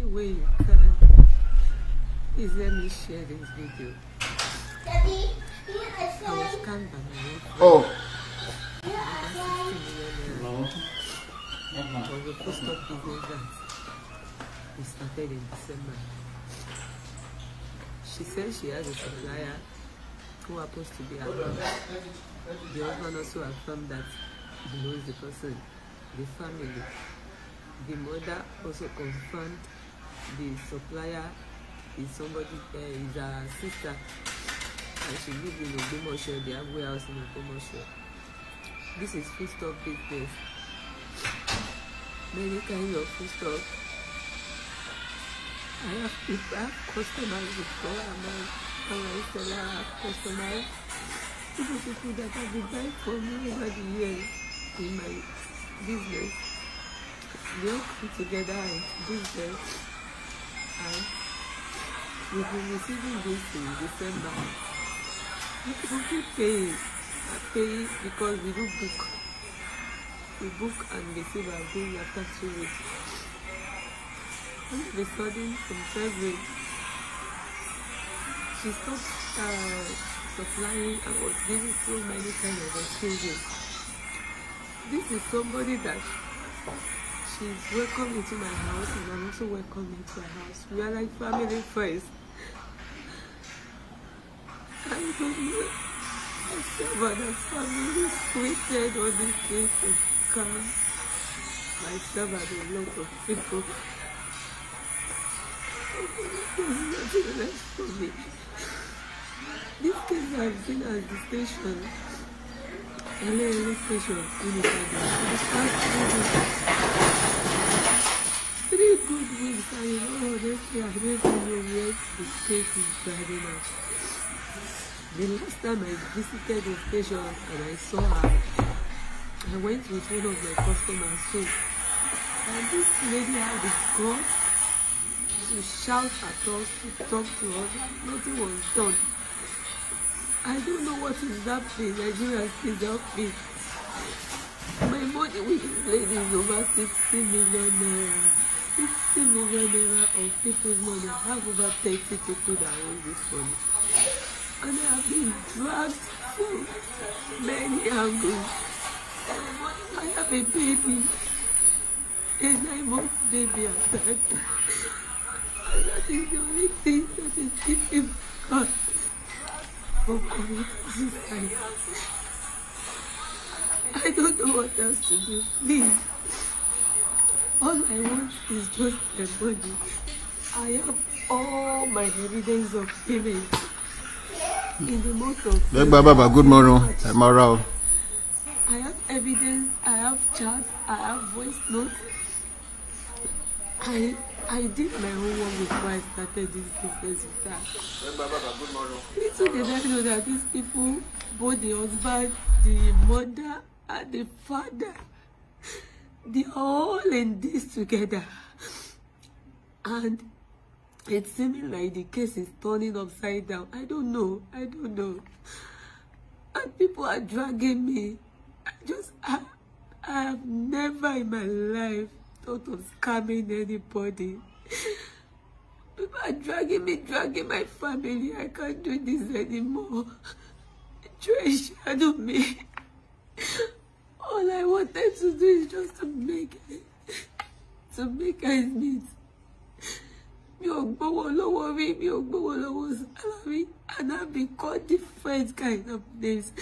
any way you can. Please let me share this video. Daddy, I oh. was scanned by my Oh. No. When we first of that, we started in December. She says she has a supplier who happens to be her husband. The husband also affirmed that he knows the person, the family. The mother also confirmed the supplier is somebody uh, is a sister and she live in Ogbomoso they have warehouse in Ogbomoso this is stop business many kinds of stop. I have to buy have customers before I buy. online seller I have customers people people that have been buy for me over the years in my business we all come together and business right? You've been receiving this in December. You keep paying. I pay because we do book. We book and receive our bill after two weeks. All of a sudden, from February, she stopped uh, supplying and was giving so many kind of excuses. This is somebody that welcome into to my house and I'm also welcome into to my house. We are like family first. I don't know. I feel about the family splitted all these things is calm. Myself and a lot of people. There's nothing left for me. This case has been at the station. LA station in Ibadan. It has three good weeks and know. honestly, I don't even know the case is driving us. The last time I visited the station and I saw her, I went with one of my customers too. And this lady had the guts to shout at us, to talk to us, nothing was done. I don't know what is happening, Nigeria is happening. My money with this lady is over 60 million naira. 60 million naira of people's money. I have over 30 people that own this money. And I have been dragged through many angles. I have a baby, a nine-month baby at that. And that is the only thing that is keeping back from coming suicide. I don't know what else to do. Please. All I want is just a body. I have all my evidence of payment. In the month of... Legba Baba, good morning. I'm around. I have evidence, I have chat, I have voice notes. I I did my homework before I started this business with that. good morning. Little did I know that these people, both the husband, the mother, and the father, they're all in this together. And it's seeming like the case is turning upside down. I don't know. I don't know. And people are dragging me. I just, I, I have never in my life thought of scamming anybody. People are dragging me, dragging my family. I can't do this anymore. Joy, shadow me. all I wanted to do is just to make it, to make ends meet. Mi ò gbówó lọ́wọ́ rí, mi ò gbówó lọ́wọ́ salary and I've been called different kind of names.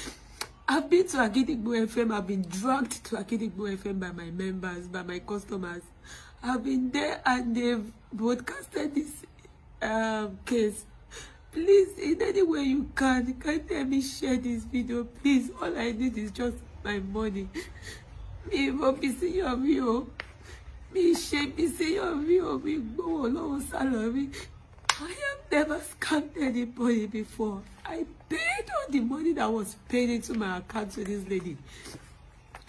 I've been to Akidigbo FM, I've been dragged to Akidigbo FM by my members, by my customers. I've been there and they've broadcasted this um, case. Please, in any way you can, can help me share this video? Please, all I need is just my money mi mọ bí síyàn mi o mi ṣe bí síyàn mi o mi gbowó lọ́wọ́ salary I have never scammed anybody before I paid all the money that was paid into my account to this lady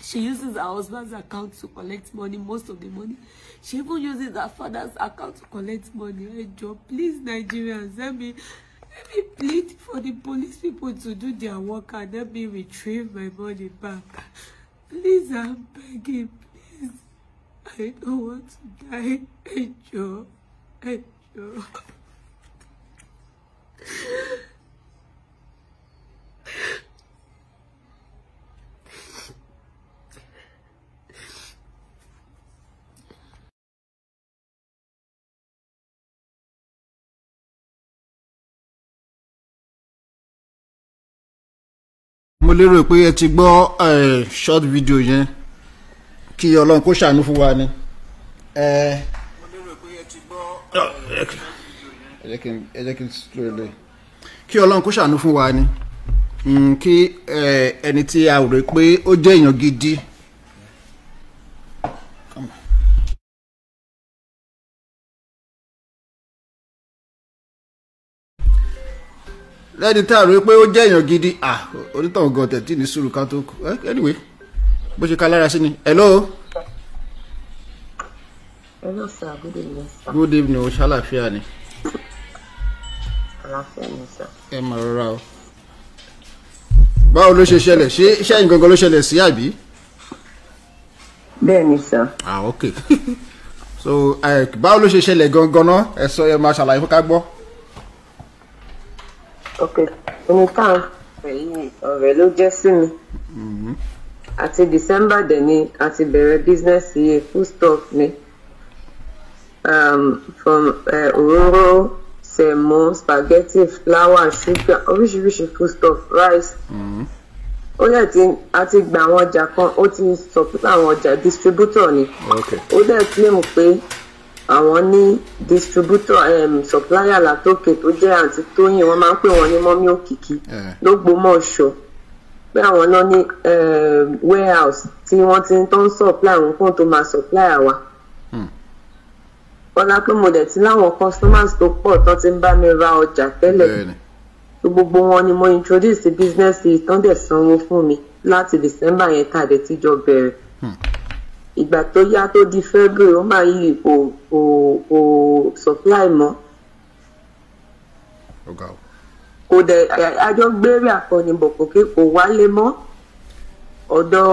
She uses her husband's account to collect money, most of the money. She even uses her father's account to collect money. Hey, Joe, please, Nigerians, let me me plead for the police people to do their work and let me retrieve my money back. Please, I'm begging, please. I don't want to die. Ẹ jọ̀ọ́, ẹ jọ̀ọ́. mo lérò pé ẹ ti gbọ́ short video yẹn kí ọlọ́run kó ṣàánú fún wa ni. mo lérò pé ẹ ti gbọ́ ẹ jẹ́ kí n sọ èlé kí ọlọ́run kó ṣàánú fún wa ni hmm, kí ẹni tí a rò pé ó jẹ́ èèyàn gidi lẹ́ni tá a rò pé ó jẹ́ èèyàn gidi onítọ̀hún gan tẹ̀tí ní sùúrù ká tó kù eh, anyway bó ṣe ká lára sí ni hello. hello sir good evening sir. good evening o ṣàlàfíà ni. àlàáfíà ni sir. ẹ máa rọra o. báwo ló ṣe ṣẹlẹ̀ ṣé iṣẹ́ yín gangan ló ṣẹlẹ̀ sí àbí. bẹ́ẹ̀ ni sir. ah ok so eh, báwo ló ṣe ṣẹlẹ̀ gangan náà ẹ sọ ẹ máa ṣàlàyé fún ká gbọ́ ok ẹni tá à ń pè yìí ọ̀rẹ́ ló jẹ́ sí mi mm-hmm. àti december dẹ̀ ni a ti bẹ̀rẹ̀ business yìí full stop ni um, from eh, òróró uh, sẹ̀mó spaghetti flour sugar oríṣiríṣi full stop rice mm-hmm. ó dẹ̀ ti a ti gba àwọn ọjà kan ó ti support àwọn ọjà distributor ni ó dẹ̀ claim pé. Okay àwọn ní distributor um, supplier látòkè tó jẹ́ àǹtí tóyìn wọ́n máa ń pè wọ́n ní mọ́mí òkìkí eh. lógbómọ̀ṣọ́ pé àwọn náà ní warehouse tí wọ́n ti ń tán supply àwọn kan tó máa supply àwa. Hmm. ọ̀la pé mo dẹ̀ ti láwọn customers tó pọ̀ tó ti ń bá mi ra ọjà tẹ́lẹ̀ gbogbo wọn ni mo introduce business yìí tán dẹ̀ sanwó fún mi láti December yẹn tàdé tíjọ bẹ̀rẹ̀. Hmm ìgbà tó yá tó di February ó máa yí kò o kò supply mọ́. kò dẹ̀ àjọ gbére àkọni bọ̀kọ̀ pé kò wálé mọ́ ọ̀dọ̀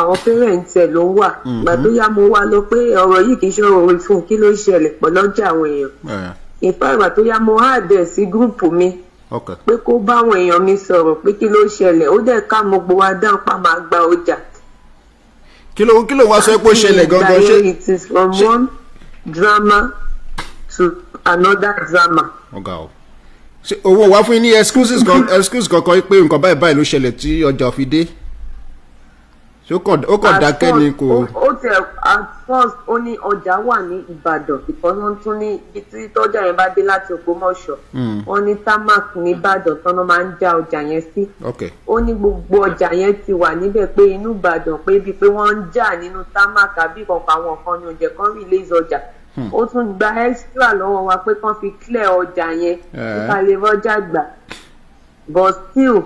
àwọn parents ẹ̀ ló wà mm-hmm. ìgbà tó yá mo wá lọ pé ọ̀rọ̀ yìí kì í ṣòro orí fún kí ló ṣẹlẹ̀ pọ̀ lọ́jà àwọn èèyàn ìfẹ́ eh. ìgbà tó yá mo há dẹ̀ sí gúrùpù mi pé kó báwọn èèyàn mi sọ̀rọ̀ pé kí ló ṣẹlẹ̀ ó dẹ̀ ká mo gbowó adán pa máa gba ọjà kí ló kí ló wá sọ pé ó ṣẹlẹ̀ gangan ṣe. it is from she... one drama to another drama. ọ̀gá o owó wá fún yín ní excuses kankan pé nǹkan báyìí báyìí ló ṣẹlẹ̀ tí ọjà ò fi dé ó kàn dákẹ́ ni kò. ó at first ó ní ọjà wà ní ìbàdàn because wọ́n tún ní ibi tí tọ́jà yẹn bá dé láti ògbómọ̀ṣọ́ hmm. wọ́n ní tamak ní ìbàdàn tán máa ń já ọjà yẹn sí. ó ní gbogbo ọjà yẹn ti wà níbẹ̀ pé inú ìbàdàn pé bíi pé wọ́n ń jà nínú tamak àbí ìkọ̀kọ̀ àwọn kan ní oúnjẹ kan release ọjà hmm. ó tún gba extra lọ́wọ́ wa pé kán fi clear ọjà yẹn nípa eh. lè rọ́jà gbà but still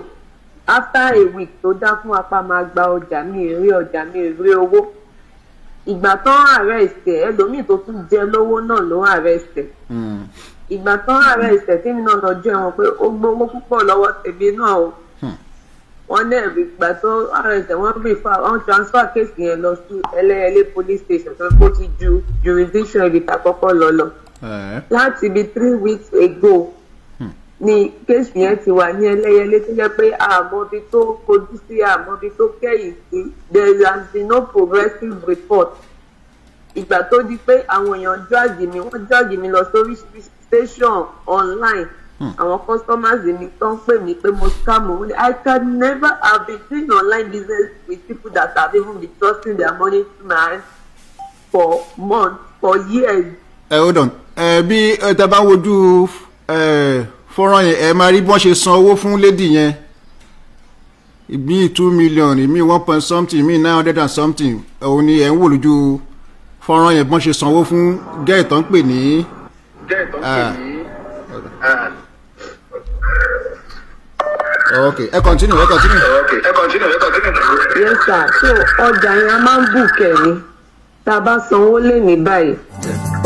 after a week tó dá fún apá máa gba ọjà mi èrè ọjà mi èrè owó ìgbà tán arrest ẹ ẹlòmíì tó tún jẹ lówó náà ló arrest ẹ hmm. ìgbà tán arrest ẹ tèmi náà lọ jẹ wọn pé ó gbowó púpọ̀ lọ́wọ́ tèmi náà o hmm. wọn náà ìgbà tó arrest ẹ wọn bí fa wọn transfer case yẹn lọ sí ẹlẹ́yẹlé police station tó kó ti ju jurisdiction ibi tá a kọ́kọ́ lọ lọ eh. láti ibi three weeks ago ni kéèsì yẹn ti wà ní ẹlẹ́yẹlé tó jẹ́ pé àmọ́bi tó kojú sí àmọ́bi tó kẹ́yìn sí there has been no progressive report ìgbà tó di pé àwọn èèyàn jọ́ọ̀gì mi wọ́n jọ́ọ̀gì mi lọ sórí station online hmm. àwọn customers mi tó ń pè mí pé mo scam òun I can never have been doing online business with people that have even been trusting their money to my hands for months for years. ẹ eh, hold on ẹ eh, bí ẹ eh, tẹ bá wojú ẹ fọ́nrán yẹn ẹ máa rí bọ́n ṣe san owó fún lady yẹn ìmí two million ìmí one point something ìmí nine hundred and something òun ni ẹ ń wò lójú fọ́nrán yẹn bọ́n ṣe sanwó fún gẹ́ẹ̀ tó ń pè ní. gẹ́ẹ̀ tó ń pè ní. Ah. ok ẹ kọ́ntínú ẹ kọ́ntínú. ok ẹ yes sir so ọjà yẹn a máa ń bù kẹ́ni tá a bá sanwó lé ní báyìí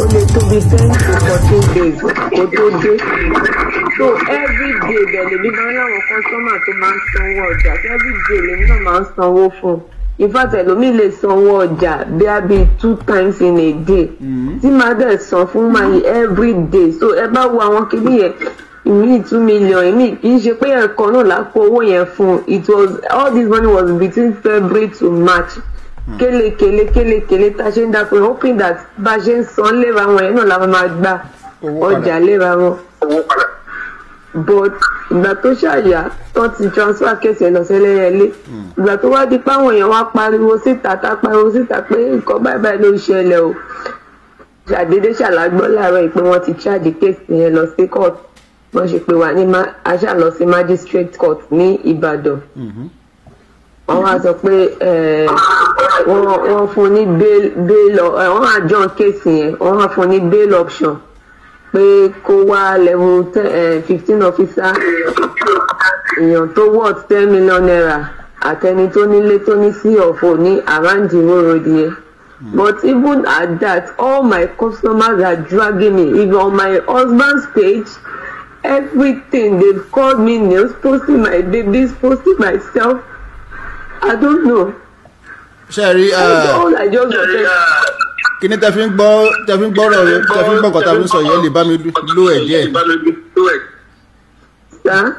ó lè tóbi ten to fourteen days kó tó dé so everyday bẹ̀rẹ̀ mi máa ń láwọn kọ́sọ́mà tó máa ń sanwó ọjà so everyday lèmi náà máa ń sanwó fún in fact ẹlòmíì lè sanwó ọjà bí a bí two times in a day mm-hmm. tí màá dẹ̀ san fún màá yìí everyday so ẹ bá wo àwọn kìíní yẹn ìmí two million ìmí kì í ṣe pé ẹ̀kan náà lápò owó yẹn fún it was all this money was between February to March kélekèle kélekèle tá a ṣe ń dapò hoping that bá a ṣe ń san léra wọn yẹn náà la máa gba ọjà léra wọn but ìgbà tó ṣàyà tán ti transfer case ẹ lọ sẹlẹyẹlé ìgbà tó wá di páwọn èèyàn wá pariwo síta tá pariwo síta pé nǹkan báyìí báyìí ló ń ṣẹlẹ̀ o ṣàdédé ṣàlágbọ́ láàárọ̀ yìí pé wọ́n ti charge case yẹn lọ sí court wọ́n ṣe pé wà ní aṣá lọ sí magistrate court ní Ìbàdàn mm-hmm. wọ́n wá sọ pé eh, wọ́n fún ní bail bail wọ́n adjourn case yẹn wọ́n wá fún ní bail option. Mm -hmm pé kó wá level eh, fifteen officer èèyàn tó worth ten million naira àtẹni tó nílé tó ní sí ọ̀fọ̀ ní around the world yẹn. Hmm. But even at that, all my customers are dragging me. Even on my husband's page, everything they've called me nails, posting my babies, posting myself. I don't know sẹ́ẹ̀rí kíní tẹ́ fi ń gbọ́ tẹ́ fi ń gbọ́rọ̀ tẹ́ fi ń gbọ́ nǹkan tẹ́ fi ń sọ yẹn lè bá mi lo ẹ̀ díẹ̀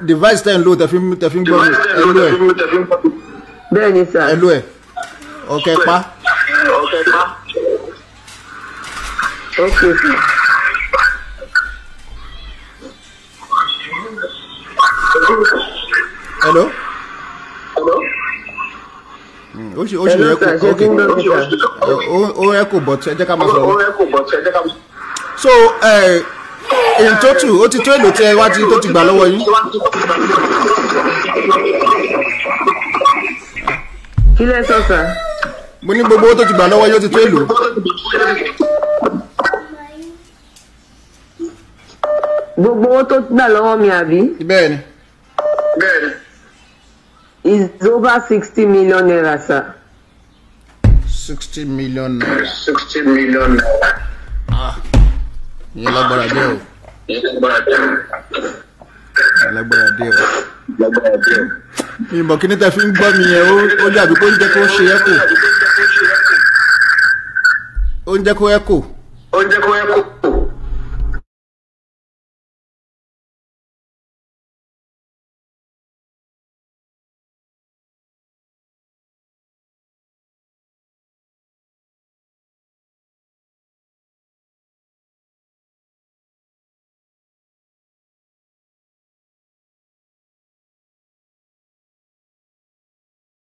device tẹ́ ń lo tẹ́ fi tẹ́ fi ń gbọ́ ẹ lo ẹ̀ bẹ́ẹ̀ni ẹ lo ẹ̀ ọ̀kẹ́ pa. ọ̀kẹ́ pa. ok sà. oṣù oṣù rẹ kò ok o rẹ kò bọ̀ ẹ jẹ́ ká máa sọ̀rọ̀ so in total ó ti tó èlò tí ẹ wá ti tó ti gbà lọ́wọ́ yín. ilé sọ̀tà. mo ní gbogbo owó tó ti gbà lọ́wọ́ yóò ti tó èlò. gbogbo owó tó gbà lọ́wọ́ mi àbí. bẹ́ẹ̀ ni. bẹ́ẹ̀ ni. is over sixty million naira sir sixty million naira. sixty million naira. Ah. ìyẹn lágbára díẹ̀ o. ìyẹn lágbára díẹ̀ o. ìyẹn lágbára díẹ̀ o. lágbára díẹ̀ o. ìbọn kìíní tẹ fi ń gbọ́ mi yẹn ó yàbí kó ń jẹ́ kó ṣe ẹ́kò. ó ń jẹ́ kó ẹ́kò. ó ń jẹ́ kó ẹ́kò.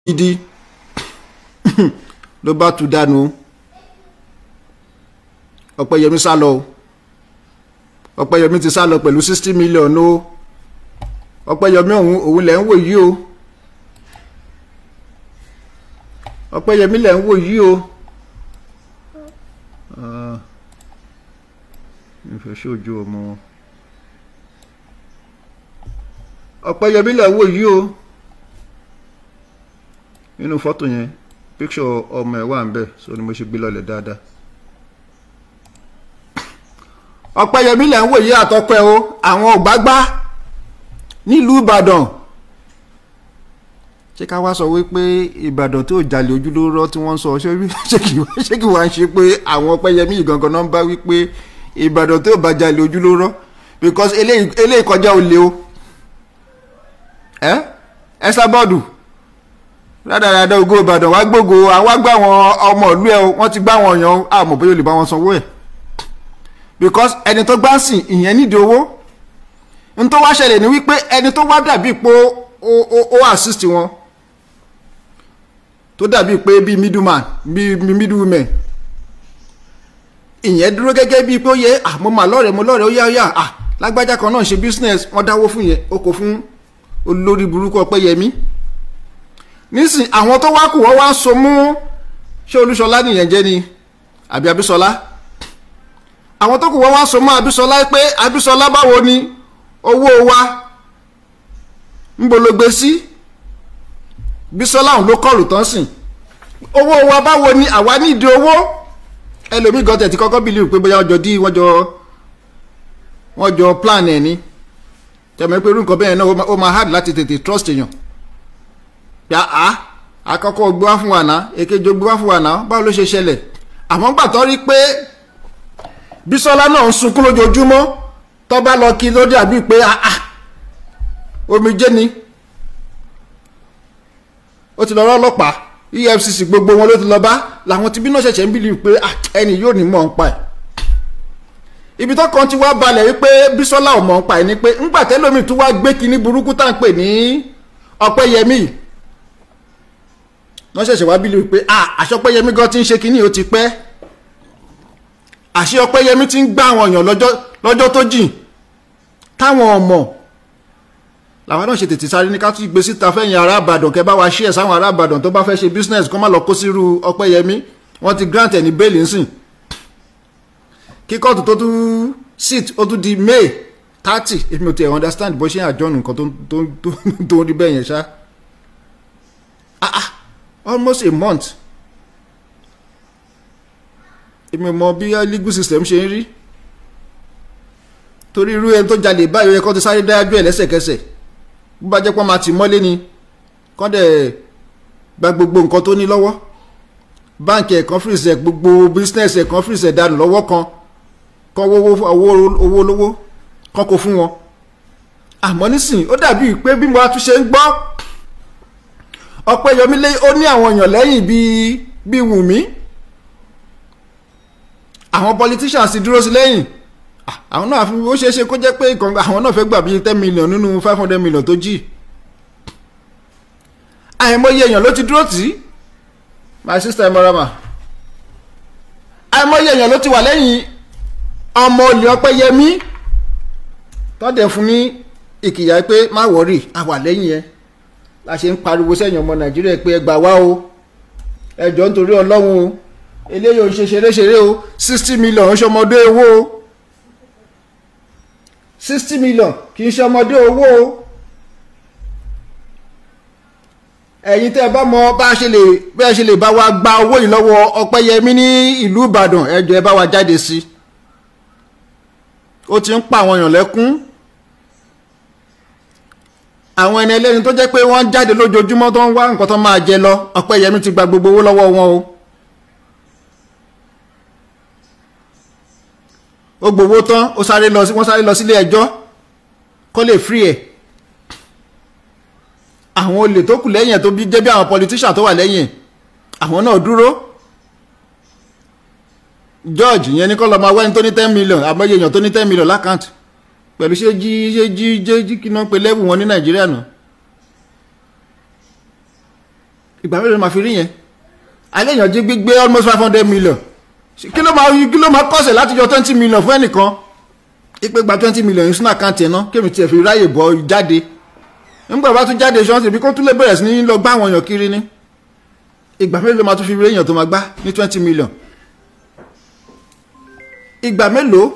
gidi ló bá tú dànù ọ̀pẹ̀yẹmí sá lọ ọ̀pẹ̀yẹmí ti sá lọ pẹ̀lú sixty million o ọ̀pẹ̀yẹmí ọ̀hún òun lẹ̀ ń wò yí o ọ̀pẹ̀yẹmí lẹ̀ ń wò yí o ah. ìfẹ́ sójú ọmọ ọ̀pẹ̀yẹmí lẹ̀ ń wò yí o. Uh, nínú fọ́tò yẹn picture ọmọ ẹ̀ wà ń bẹ̀ so ni mo ṣe gbé lọlẹ̀ dáadáa ọ̀pẹ́yẹmí lẹ̀ ń wòye àtọ́pẹ́ o àwọn ògbágbá nílùú ìbàdàn ṣé ká wá sọ wípé ìbàdàn tó jalè ojúlówó tí wọ́n ń sọ ṣé kí wàá ṣe pé àwọn ọ̀pẹ́yẹmí yìí gangan náà ń bá wípé ìbàdàn tó bá jalè ojúlówó because eléyìí kọjá olè o ẹ ẹ sábọ́ọ̀dù rádaràdà ògo ìbàdàn wá gbogbo àwọn àgbà wọn ọmọ ìlú ẹ wọn ti gbá wọn yan àmọ́ bóyá olè bá wọn sanwó ẹ because ẹni tó gbá sìn ìyẹn nídìí owó n tó wá ṣẹlẹ̀ ni wípé ẹni tó wá dàbí pé ó assist wọn tó dàbí pé bíi middleman bíi middleman ìyẹn dúró gẹ́gẹ́ bíi pé ó yẹ à mo mà lọ́rẹ̀ẹ́ mo lọ́rẹ̀ẹ́ ó yá ó yá à lágbájá kan náà ṣe business wọ́n dáwó fún yẹn ó kò fún olórí burúkú ọpẹ́yẹmí nísìn àwọn tó wá kù wọ́n wá so mú ṣé olúṣọlá nìyẹn jẹ́ ni àbí abísọlá àwọn tó kù wọ́n wá so mú abísọlá pé abísọlá báwo ni owó wa ń bologbe sí bísọlá òun ló kọlù tán sìn owó wa báwo ni àwa nídìí owó ẹlòmíì gan tẹ̀tí kọ́kọ́ bìlíù pé bóyá ọjọ́ dí wọ́n jọ wọ́n jọ plan ẹ̀ ni tẹ̀mẹ́ pé irú nǹkan bẹ́ẹ̀ náà ó máa hard láti tètè trust èèyàn. Ya á àkọ́kọ́ gbé wá fún wa náà èkejì gbé wá fún wa náà báwo ló ṣe ṣẹlẹ̀ àmọ́ gbà tó rí pé Bísọ́lá náà ń sunkún lójoojúmọ́ tó lọ kí ló dàbí pé àá omijé ni ó ti lọ rọ́ ọlọ́pàá EFCC gbogbo wọn ló ti lọ bá làwọn tí bí náà ṣẹ̀ṣẹ̀ ń bìlì pé ẹni yóò ní mọ̀ ń pa ẹ̀ ibi tó kan ti wá balẹ̀ wípé Bísọ́lá ò mọ̀ ń pa ẹ̀ ni pé ńgbà tẹ́lómi tó wá gbé kinní burúkú tá à ń pè ní Ọ̀pẹ́yẹmí yìí wọ́n ṣẹ̀ṣẹ̀ wá bílíwì pé ah àṣẹ ọpẹ́yẹmí gan ti ń ṣe kínní ó ti pẹ́ àṣẹ ọpẹ́yẹmí ti ń gbá àwọn èèyàn lọ́jọ́ tó jìn táwọn ọmọ làwọn náà ṣe tètè sáré ní ká tún gbé síta fẹ́yìn ará àbàdàn kẹ́ bá wa ṣí ẹ̀ sáwọn ará àbàdàn tó bá fẹ́ ṣe business kó má lọ kó sírú ọpẹ́yẹmí wọ́n ti grant ẹ̀ ní bẹ́ẹ̀lì ńsìn kí kóòtù tó tún sit ó tún di may thirty if mi ò tiẹ̀ understand bó ṣe àjọyìn nǹkan tó ń rí bẹ́ẹ̀ yẹn ṣáá almost a month èmi mọ bí legal system ṣe ń rí torí irú ẹni tó jalè báyìí ẹ kọ́ ti sáré dájú ẹ̀ lẹ́sẹ̀kẹsẹ̀ bó bá jẹ́ pọ́n máa tì mọ́lé ni kọ́ dẹ̀ gba gbogbo nǹkan tó ní lọ́wọ́ báǹkì ẹ̀kan fìrìsẹ̀ gbogbo bísínẹ́sì ẹ̀kan fìrìsẹ̀ dànù lọ́wọ́ kan kọ́ owó olówó kọ́ kó fún wọn àmọ́ nísìnyí ó dàbí pé bí mo bá tún ṣe ń gbọ́ ọpẹ́yọmílé ó ní àwọn èèyàn lẹ́yìn bíi bíi wùmí àwọn politicians dúró sí lẹ́yìn ah, àwọn náà fi ó ṣeé ṣe kó jẹ́ pé àwọn náà fẹ́ gbà bíi ten million nínú five hundred million tó jì àìmọye èèyàn ló ti dúró tì í my sister emorama àìmọye èèyàn ló ti wà lẹ́yìn ọmọ olè ọpẹ́yẹmí tọ́dẹ̀ fún ní ìkìyà pé má wọ́rì a wà lẹ́yìn la ṣe ń pariwo sẹ́yìn ọmọ nàìjíríà pé ẹ gbà wá o ẹ jọ̀ọ́ nítorí ọlọ́run o eléyìí ò ń ṣe ṣeréṣeré o sixty million ń ṣọmọdé owó o sixty million kì í ṣọmọdé owó o ẹ̀yin tẹ́ ẹ bá mọ bá a ṣe lè bá a ṣe lè bá wa gba owó yìí lọ́wọ́ ọ̀pẹ́yẹmí ní ìlú ìbàdàn ẹ ẹ bá wa jáde sí i ó ti ń pa àwọn èèyàn lẹ́kún àwọn ẹni ẹlẹ́ni tó jẹ́ pé wọ́n jáde lójoojúmọ́ tó ń wá nǹkan tó máa jẹ lọ Ọpẹ́yẹmí ti gba gbogbo owó lọ́wọ́ wọn o ó gbowó tán ó sáré lọ wọ́n sáré lọ sílé ẹjọ́ kó lè free ẹ̀ àwọn olè tó kù lẹ́yìn ẹ̀ tó bí jẹ́ bí àwọn politician tó wà lẹ́yìn àwọn náà dúró George yẹn ní kó lọ́ọ́ máa wẹ́ni tó ní ten million àmọ́ iye èèyàn tó ní ten million lákàntì pẹ̀lú ṣé jí ṣé jí ṣé jí kí náà pe lẹ́bù wọn ní nàìjíríà nù ìgbà mélòó ni màá fi rí yẹn alẹ́ èèyàn jí gbígbé almost five hundred million kí ló máa kí ló máa kọ́sẹ̀ láti yọ twenty million fún ẹnìkan ìpè gba twenty million yìí sínú àkáǹtì ẹ̀ náà kémi tiẹ̀ fi ráyè bọ́ jáde nígbà bá tún jáde ṣọ́ọ́sì ibi kó tún lè bẹ̀rẹ̀ sí ní lọ gbá àwọn èèyàn kiri ni ìgbà mélòó máa tún fi rí èèyàn tó máa gbá ní twenty million ìgbà mélòó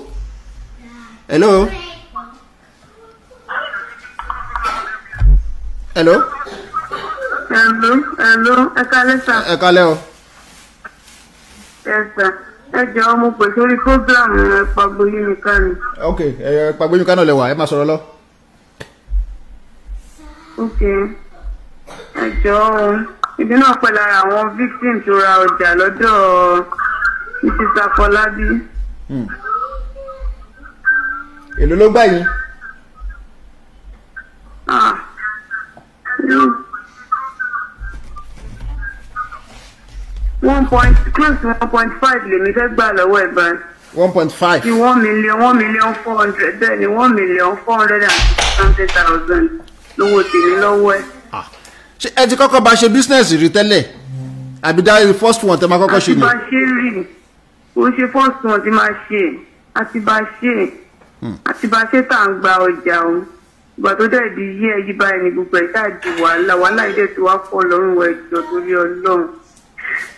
hello. hello. hello hello ẹ kálẹ́ sà. ẹ kálẹ́ o. ẹ sà ẹ jọ̀ọ́ mo pè sórí program ẹ Pagboyimika ni. ok ẹ Pagboyimika náà lẹ wà ẹ máa sọ̀rọ̀ lọ. ok ẹ jọ̀ọ́ ìdí náà pẹ̀ lára àwọn victim tó ra ọjà lọ́dọ̀ mrs Afọlábí. Hmm. èló ló gbà yín. point close to one point five lèmi fẹ́ gbà lọ́wọ́ ẹ̀ báyìí. one point five. ti one million one million four hundred bẹ́ẹ̀ ni one million four hundred and sixty thousand lówó tèmi lọ́wọ́ ẹ̀. Ah. ṣé ẹ ti kọ́kọ́ bá ṣe bísínẹ́sì rí tẹ́lẹ̀ àbí dá the first one tẹ́ máa kọ́kọ́ ṣe ni. àti bá ṣe rí kò ṣe first one ti máa ṣe àti bá ṣe àti hmm. bá ṣe tá ń gba ọjà o ìgbà tó dẹ̀ di yí ẹ yí báyìí ni gbogbo ẹ̀ ṣáà di wàhálà wàhálà ìdẹ̀ tí wàá fọ́ lọ́rùn ẹ̀jọ̀ torí ọlọ́run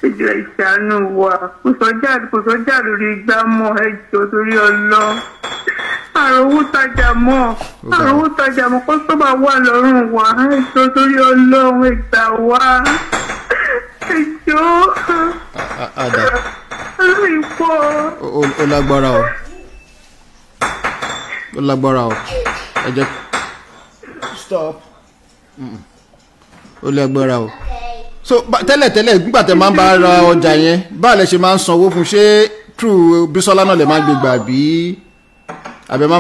ìjọ ìṣàánú wa kò sọjà lórí igbá mọ́ ẹjọ́ torí ọlọ́ àròwú tajà mọ́ àròwú tajà mọ́ kó wà lọ́rùn wa ẹjọ́ torí ọlọ́run ìgbà wa ẹjọ́ lórí pọ̀. lágbára o ó lágbára o ẹ jẹ́ stop ó lágbára o so tẹ́lẹ̀tẹ́lẹ̀ nígbà tẹ́ máa ń bá ra ọjà yẹn báà lẹ ṣe máa ń sanwó fún ṣé true Bísọ́lá náà lè máa gbé gbà bí àbẹ̀mọ́.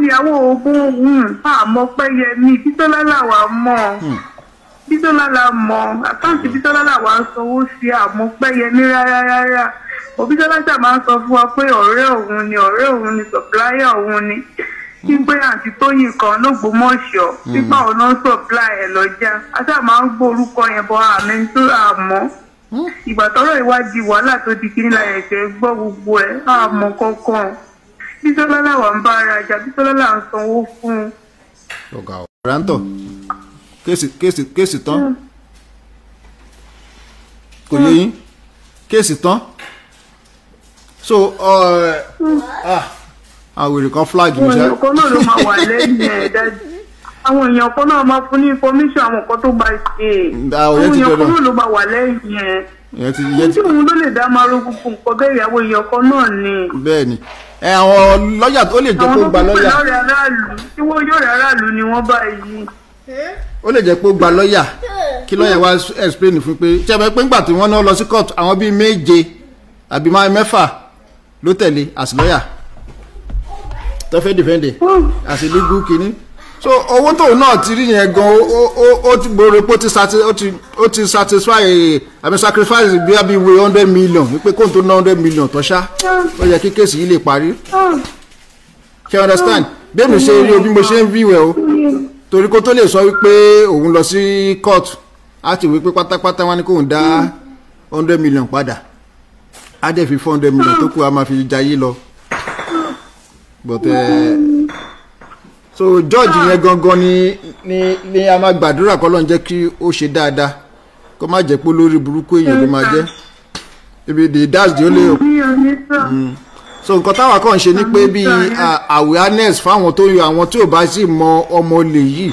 ni àwọn oògùn ohun hmm, àmọ́ pẹ́yẹmí Bisola làwa mọ̀ Bisola la hmm. mọ̀ àkáǹtì Bísọ́lá làwa ń sanwó sí àmọ́ pẹ́yẹmí rárá rárá òbí Bísọ́lá ṣáà máa ń sọ fún wa pé ọ̀rẹ́ òun ni ọ̀rẹ́ òun ni supplier òun ni wípé àti tóyìn kan lógbómọ̀ṣọ́ nígbà hmm. wo náà supply ẹ̀ lọ́jà àti àmọ́ à ń gbórúkọ yẹn bọ́ àmì tó àmọ́ hmm. ìgbà tọrọ ìwádìí wàhálà tó di kí nílà ẹ̀jẹ̀ gbọ́ gbogbo ẹ̀ àmọ́ kankan bísọ́lá làwọn ń bá ara jà bísọ́lá là ń sanwó fún un. ọ̀gá ọ̀rá ń tọ̀ kéèsì kéèsì kéèsì tán hmm. kò yẹ yín kéèsì tán so. Uh, mm. ah àwọn èrè kan flag mi sẹ́. àwọn èèyàn kan náà ló máa wà lẹ́yìn ẹ̀ dájú àwọn èèyàn kan náà máa fún ní information àwọn nǹkan tó bá ṣe ah, àwọn èèyàn kan náà ló máa wà lẹ́yìn ẹ̀ ojú òun ló lè dá máa ro gbogbo nǹkan bẹ́ẹ̀ ìyàwó èèyàn kan náà ni. bẹ́ẹ̀ni ẹ àwọn lọ́yà tó lè jẹ́ kó gba lọ́yà. àwọn lọ́yà aráàlú tí wọ́n yóò rẹ̀ aráàlú ni wọ́n báyìí ó lè jẹ́ pé ó gba lọ́ọ̀yà kí lọ́ọ̀yà wa explain fún pé tí a bá pé ńgbà tí wọ́n náà lọ sí court àwọn bíi méje àbí mẹ́fà ló tẹ̀lé as lọ́ọ̀yà tó fẹ́ dìfẹ́ǹdì àti e, legal kìíní so owó tóun náà ti rí yẹn gan ó ti gbòòrò pé o ti satisfy àmì sacrifice bí i bíi one hundred million wípé kóun tó ná one hundred million tó ṣá ó yẹ kí kéèsì yìí lè parí ṣe understand bí èmi ṣe rí o bí mo ṣe ń bíwẹ̀ o torí kó tó lè sọ wípé òun lọ sí court á ti wípé pátápátá wọn ni kóun dá one hundred million padà á dẹ̀ fi four hundred million tó kù á máa fi jayé lọ but uh, so George yẹn gangan ni ni ni a máa gbàdúrà kọ́ lọ́n jẹ́ kí ó ṣe dáadáa kó má jẹ́ pé lórí burúkú èèyàn ló máa jẹ́ ibi the dash di ó lè so nǹkan táwa kàn ṣe ni pé bíi ah, awareness fáwọn tó yọ àwọn tí ò bá sì mọ ọmọ olè yìí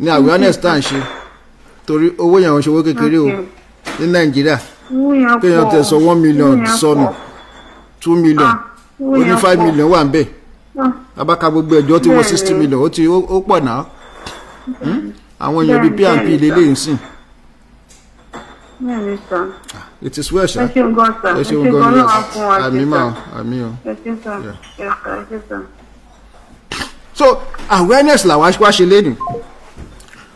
ni awareness tá à ń ṣe torí owó yẹn ò ń kékeré o ní Nàìjíríà kéèyàn tẹ̀sán one million sọnù two million. Ah ó ní five million wà ń bẹ̀ ah. abaka gbogbo ẹjọ́ tí wọ́n sixty million ó ti ó pọ̀ náà hmm? àwọn èèyàn bíi pnp lélẹ́yìn sìn. Ah, it is well ṣá ẹ ṣeun gan ṣá ẹ ṣeun gan ṣá àmì máa àmì o. so awareness làwa wá ṣe lẹ́nu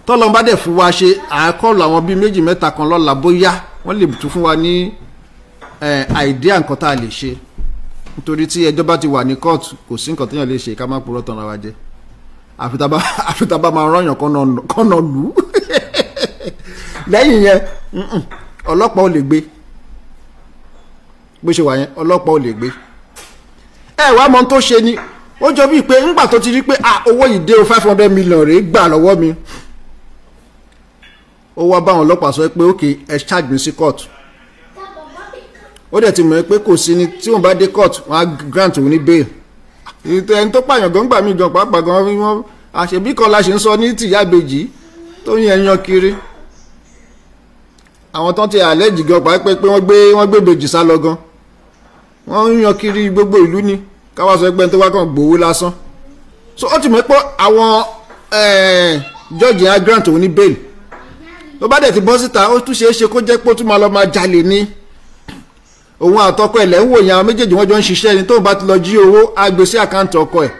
tọ́lọ́mbà dẹ̀ fún wa ṣe àkọlù àwọn bíi méjì mẹ́ta kan lọ́la bóyá wọ́n lè tún fún wa ní àìdí eh, àǹkan tá a lè ṣe nítorí tí ẹjọ́ bá ti wà ní kóòtù kò sí nǹkan téèyàn lè ṣe ká má purọ́ tàn ra wa jẹ àfi tá a bá máa rányàn kọ́nà lù ú lẹ́yìn yẹn ọlọ́pàá ò lè gbé bó ṣe wà yẹn ọlọ́pàá ò lè gbé ẹ wàá mọ tó ṣe ni ó jọ bíi pé ńgbà tó ti rí pé owó yìí dé o five hundred million rèé gbà lọ́wọ́ mi ó wá báwọn ọlọ́pàá sọ pé ókè ẹ ṣáàjì mi sí kóòtù ó dẹ̀ ti mọ̀ pé kò sí ni tí òun bá dé court wọn á grant òun ní bail ẹni tó pààyàn gan gbà mí gan pàápàá gan wọn àṣebí kan la ṣe ń sọ ní tìyá ìbejì tó yẹn yan kiri àwọn tán ti àlẹ́jì gan pàápàá pé wọ́n gbé wọ́n gbé ìbejì sá lọ gan wọ́n ń yan kiri gbogbo ìlú ni káwá sọ pé ẹni tó wá kàn gbowó lásán so ó ti mọ̀ pé àwọn eh, jọ́ọ̀jì yẹn á grant òun ní bail tó bá dẹ̀ ti bọ́ síta ó tún ṣeé ṣe kó jẹ́ pé ó tún máa lọ máa jalè ni òun àtọkọ ẹ̀ lẹ́hìn wòye àwọn méjèèjì wọ́n jọ ń ṣiṣẹ́ ẹni tóun bá ti lọ jí owó á gbé sí àkáǹtì ọkọ ẹ̀.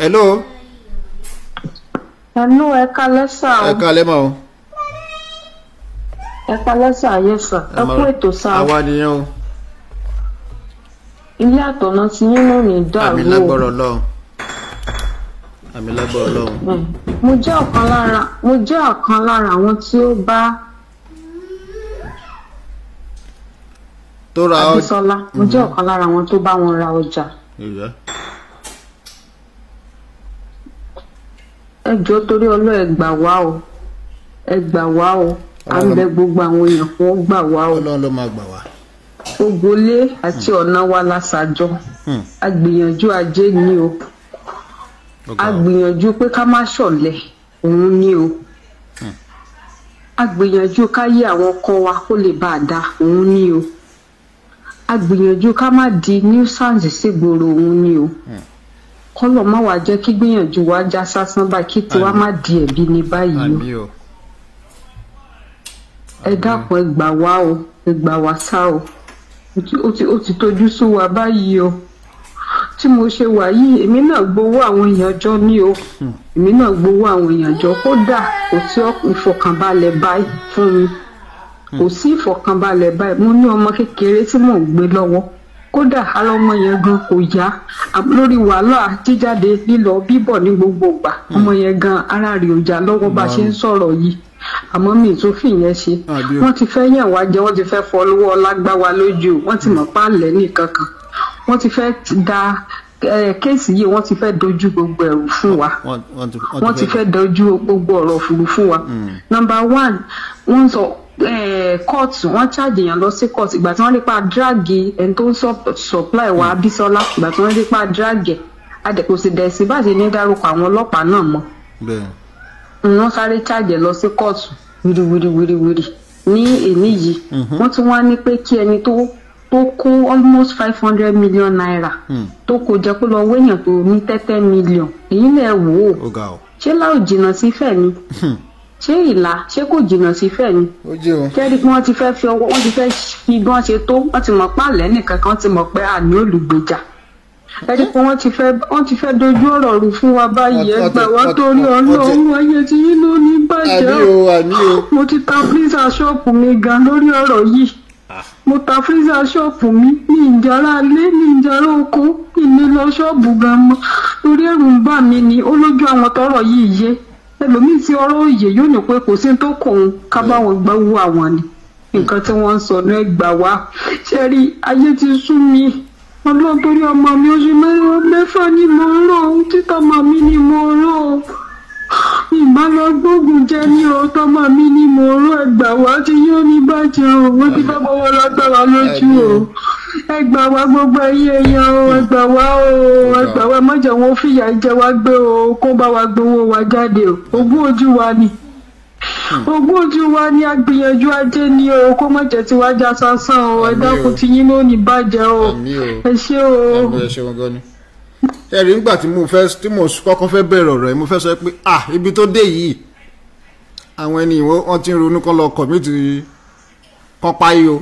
hello. ẹnu ẹ kalẹ sá o. ẹ kalẹ mọ o. ẹ kalẹ sá yẹ sá ẹ kú ètò sá o. àwa nìyẹn o. ilé àtọ̀nà ti yín náà ní dàrú o. àmì lágbọ́rọ̀ lọ́hùn àmì lágbọ́rọ̀ lọ́hùn. mo jẹ́ ọ̀kan lára mo jẹ́ ọ̀kan lára àwọn tí ó bá tó ra ọjà Abisola mo jẹ́ ọ̀kan lára àwọn tó bá wọn ra ọjà. ẹ jọ torí ọlọ́ ẹ gbà wá o ẹ gbà wá o à ń bẹ gbogbo àwọn èèyàn kó gbà wá o. Ọlọ́run ló máa gbà wá. ogolé hmm. àti ọ̀nà wa la ṣàjọ hmm. a gbìyànjú ajé ni o a pé ká má ṣọ̀lẹ̀ òun ni o hmm. a ká yí àwọn ọkọ wa kó lè bá a dá òun ni o. Hmm a gbìyànjú ká má di nuisance sígboro òun ni o hmm. kọlọ má wàá jẹ́ kí gbìyànjú wa já sásán báyìí kí tiwa má di ẹ̀bi ní báyìí o ẹ dákun ẹ gbà wá o ẹ gbà wá sá o ó ti tójú sú wa báyìí o tí mo ṣe wà yìí èmi náà gbowó àwọn èèyàn jọ ní o hmm. èmi náà gbowó àwọn èèyàn jọ kódà kò sí ìfọ̀kànbalẹ̀ báyìí fún mi kò sí ìfọ̀kànbalẹ̀ báyìí mo ní ọmọ kékeré tí mò ń gbé lọ́wọ́ kódà ara ọmọ yẹn gan kò yá lórí wàhálà jíjáde lílọ bíbọ̀ ní gbogbo ìgbà hmm. ọmọ yẹn gan ara rẹ̀ ò yá bá a ṣe ń sọ̀rọ̀ yìí àmọ́ mi tún fìyẹn ṣe ah, wọ́n ti fẹ́ yàn wá jẹ wọ́n ti fẹ́ fọ́ lọ́wọ́ ọlágbá lójú wọ́n ti mọ̀ páàlẹ́ nìkan kan wọ́n ti fẹ́ da kéèsì yìí wọ́n ti fẹ́ dojú gbogbo ẹ̀rù fún wa wọ́n ti fẹ́ dojú gbogbo ọ̀rọ̀ òfurufú fún wa. Hmm. nọ́mbà one wọ́n sọ kóòtù wọ́n ṣáàjì èèyàn lọ sí kóòtù ìgbà tí wọ́n lè pa dráàgì ẹni tó ń sọpláì wa hmm. Abísọ́lá ìgbà tí wọ́n lè pa dráàgì adẹ̀kọ̀ sì dẹ̀sí báyìí ní dárúkọ àwọn ọlọ́pàá náà mọ́. wọ́n sáré ṣáàjì lọ sí kóòtù wíríwíríwíríwírí ní èní yìí hmm. wọ́n tún wá ní pé kí ẹni tó tó kó almost five hundred million naira hmm. tó kó jẹ kó lọ wéèyàn tó ní tẹ́tẹ́ million èyí lẹ̀ wò ó ṣé láò jìnnà sí fẹ̀ ni hmm. ṣé ìlà ṣé kò jìnnà sí fẹ́ ni. o. kẹ́rí pé wọ́n ti fẹ́ fi ọwọ́ wọ́n ti fẹ́ fi gan ṣe tó wọ́n ti mọ̀ pé àlẹ́ nìkan kan ti mọ̀ pé àní olùgbèjà. kẹ́rí pé wọ́n ti fẹ́ wọ́n ti fẹ́ dojú ọ̀rọ̀ rú fún wa báyìí ẹgbẹ́ wa torí ọlọ́run ayé ti yín ló ní bàjẹ́ o. àmì mo ti ta pizza ṣọ́ọ̀pù mi gan lórí ọ̀rọ̀ yìí mo ta fírísà ṣọ́ọ̀bù mi ní ìjọra ilé ní ìjọra oko ní ilé lọ ṣọ́ọ̀bù gan mọ́ torí ẹ̀rù ń bà mí ni ó lójú àwọn tọ́rọ̀ yìí yé ẹlòmíì tí ọ̀rọ̀ òye yóò ní pé kò sí tó kọ̀ òun ká báwọn gbọ́ wú àwọn ni nǹkan tí wọ́n ń sọ ní ẹgbà wá ṣe rí ayé ti sú mi ọlọ́run torí ọmọ mi oṣù mẹ́fà ni mo rò títọ́ ọmọ ni mo rò ìbá lọ gbógun jẹ ní o tọmọ mi ni mo ró ẹgbà wá tí yóò ní bàjẹ́ o wọ́n ti bá bọ́wọ́ lọ́gbàrá lójú o ẹgbà wá gbogbo ẹyẹ yan o ẹgbà wá o ẹgbà wá mọ̀jẹ̀ wọn fìyà jẹ wá gbé o kó bá wa gbowó wa jáde o ogún ojú wa ni ogún ojú wa ni agbìyànjú ajé ni o kó má jẹ́ tiwa já sásán o ẹ dákun ti yín lónìí bàjẹ́ o ẹ ṣé o. ẹ ṣé wọn gan ni ẹ̀rí nígbà tí mo fẹ́ tí mo kọ́kọ́ fẹ́ bẹ̀rẹ̀ ọ̀rọ̀ yìí mo fẹ́ sọ pé ah ibi tó dé yìí àwọn ẹni ìwọ wọn ti ń ronú kọ́ lọ kọ̀mìtì kan páyé o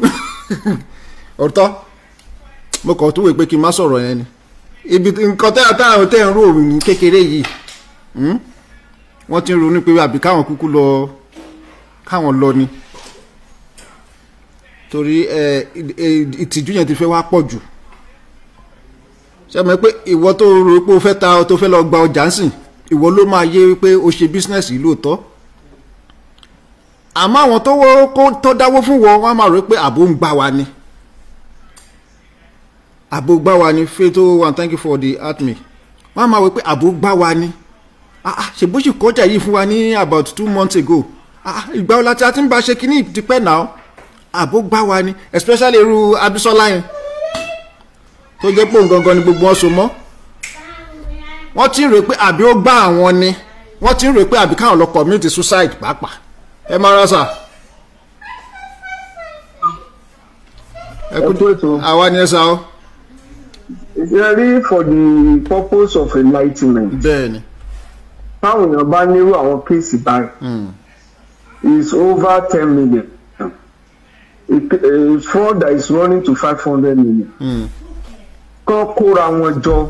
ọ̀tọ̀ mo kàn tó wè pé kí n má sọ̀rọ̀ yẹn ni ibi nǹkan tẹ́ àtàwọn tẹ́ ń rò kékeré yìí hmm? wọ́n ti ń ronú pé àbí káwọn kúkú lọ káwọn lọ ni torí ìtìjú yẹn ti fẹ́ wá pọ̀ jù ṣe mọ̀ pé ìwọ tó rò pé o fẹ́ ta o tó fẹ́ lọ gba ọjà ń sìn ìwọ ló máa yé wípé o ṣe bísínẹ́sì lóòótọ́ àmọ́ àwọn tó tó dáwó fún wọn wọ́n máa rò pé àbò ń gbà wá ni àbò gbà wá ni faith oh one thank you for the at me wọ́n máa wò pé àbò gbà wá ni ah, ah, ṣèbó sì kọjá yìí fún wa ní about two months ago ah, ìgbà wo la ti ń bá ṣe kínní ìdípẹ́ náà àbò gbà wá ni especially irú Abisola yẹn tó jẹ́ pé òun gangan ni gbogbo wọn so mọ́ wọ́n ti ń rò pé àbí ó gbá àwọn ni wọ́n ti ń rò pé àbí káwọn lọ community suicide pàápàá ẹ máa ra sà. ẹ kú ètò àwa ni ẹ sá o. really for the purpose of enlightenment. bẹ́ẹ̀ni. táwọn èèyàn bá nírú àwọn kéèsì báyìí. Hmm. is over ten million. A, a eh, fraud that is running to five hundred million. Mm kán kóra wọn jọ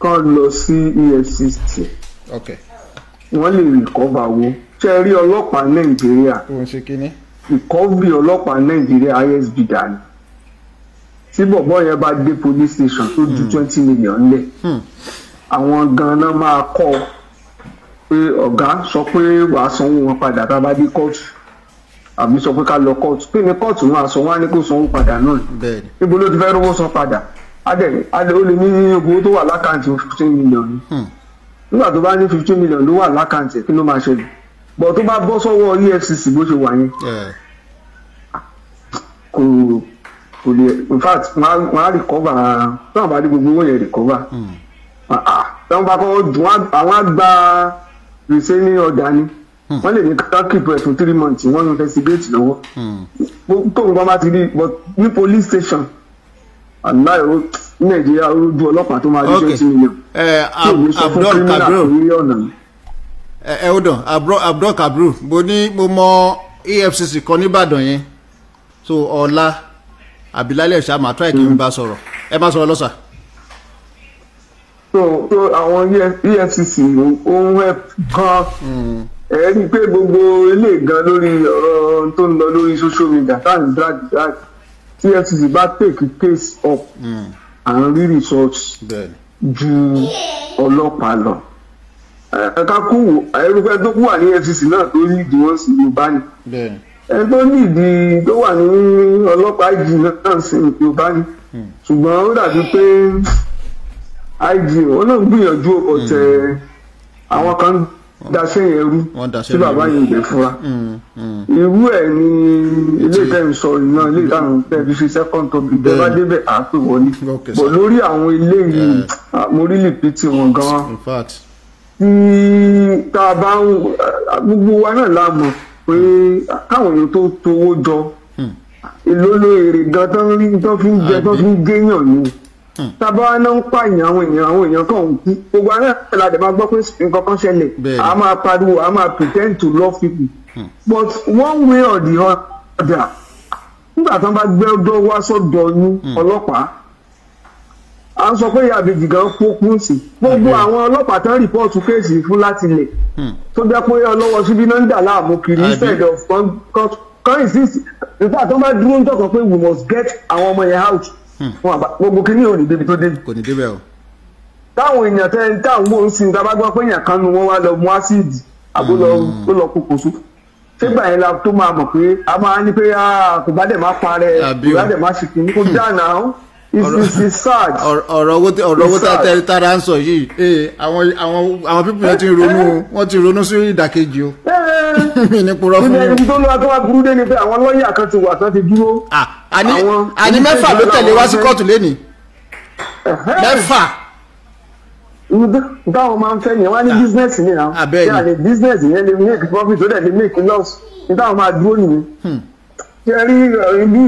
kán lọ sí EFCC wọ́n lè rìkọ́bà wo ṣe rí ọlọ́pàá Nàìjíríà ìkọ́bì ọlọ́pàá Nàìjíríà ISB dàní tí bọ̀bọ̀ yẹn bá dé police station tó ju hmm. twenty million lẹ̀ hmm. àwọn gan-an máa kọ́ pé ọ̀gá sọ pé wàá sanwó wọn padà tá a bá dé kóòtù àbí sọ pé ká lọ kóòtù kí ni kóòtù máa sọ wọn á ní kó sanwó padà náà níbo ló ti fẹ́ rówó san padà adẹ adẹ ó lè ní owó tó wà lákàǹtì fifteen million hmm. nígbà tó bá ní fifteen million ló wà lákàǹtì kí ló máa ṣẹlẹ̀ bọ̀ tó bá bọ́ sọ́wọ́ EFCC bó ṣe wà yẹn kò kò lè in fact wọn á recover táwọn bá dé gbogbo owó yẹn recover hmm. ah, ah, táwọn bá kọ́ dùn àwọn àgbà rìsẹ́ ní ọ̀dà ni. Mm. Hmm. wọ́n lè ní ká keep three months wọ́n investigate lọ́wọ́ hmm. tóun bá ti rí but ní police station aláì ó nàìjíríà ó ọlọ́pàá tó máa rí twenty million eh, tí òun sọ fún criminal kò ọ̀nà. ẹ ẹ hold abdul kabiru mo ní mo mọ efcc kan nìbàdàn yẹn so ọ̀la àbílálẹ̀ ṣá màá try kí n hmm. bá sọ̀rọ̀ ẹ má sọ̀rọ̀ lọ́sà. so so àwọn efcc ó ń help gan ẹ rí i pé gbogbo ilé gan lórí ọ̀rọ̀ tó ń lọ lórí social media tán drag drag tí EFCC bá take case up hmm. à ń rí result ju ọlọ́pàá lọ ẹ̀ka kú ẹ̀rúfẹ́ tó kú wà ní EFCC náà tó yídi wọ́n sì Yorùbá ni ẹ̀ tó yídi tó wà ní ọlọ́pàá yìí náà sì Yorùbá ni hmm. ṣùgbọ́n ó dàbí pé IG wọn náà ń gbìyànjú ọ̀tẹ̀ hmm. eh, àwọn kan daṣẹ́ yẹn rú tí bàbá yẹn gbé fúnra irú mm, mm. ẹ̀ ni ilé ìtẹ́ ń sọ iná ilé ìdáhùn tẹ́bí ṣe second top ìbẹ́ bá débẹ̀ à ń pè wọlé bọ̀ lórí àwọn ilé yìí mo rí pété wọn gan tí tá a bá ń gbogbo wa náà la mọ̀ pé káwọn èèyàn tó towó jọ èlò hmm. lóore gan tán fi ń jẹ tán fi ń géèyàn ni tábà náà ń pààyàn àwọn èèyàn àwọn èèyàn kan ń kú gbogbo aná ìlà dẹ̀ máa gbọ́ pé nǹkan ṣẹlẹ̀ a máa pariwo a máa pretend to love people hmm. but one way or the other nígbà tí wọ́n bá gbẹ́ ọdọ́ wá sọ́dọ̀ ọyún hmm. ọlọ́pàá à sọ pé ìyá àbèjì gan pókún sí gbogbo àwọn ọlọ́pàá tán rìpọ́ọ̀tù kéèsì fún láti lẹ̀ hmm. tó jẹ́ pé ọlọ́wọ́ síbí náà ń dà láàmú kiri instead of kan insist nígbà tí wọ́n bá dúró ń tọkàn pé we must get àwọn ọmọ yẹn out Hmm. wọn àbá gbogbo kí ni ò ní débi tó dé. kò ní débẹ̀ o. táwọn èèyàn tẹ́ ń táwọn ohun sí ta bá gbọ́ pé èèyàn kan nu wọn wá lọ mú ásíìdì àbó lọ hmm. ó lọ kókó sùn sígbà yẹn la tó máa mọ̀ pé a máa ní pé ah, kò bá dẹ̀ má parẹ́ kò bá dẹ̀ má ṣìkì ní kò dáná ọ̀rọ̀ owó tára ń sọ yìí eh, àwọn àwọn pípọ̀ yẹn ti ń ronú wọ́n ti ronú sí ìdàkejì o eh, eh, ní purọ́ fún mi. ibi tó lọ́wọ́ tó wá burú dé ni pé àwọn lọ́ọ̀yà kan ti wà tán ti dúró. àní mẹ́fà ló tẹ̀lé wá sí kóòtù lẹ́nìí mẹ́fà. báwo máa ń fẹ́ yẹn wá ní bísínẹ́sì ni àwọn yẹn àlè bísínẹ́sì yẹn lè make profit ó dẹ̀ lè make loss ní táwọn máa dúró nìyẹn. Hmm. ṣe rí ibi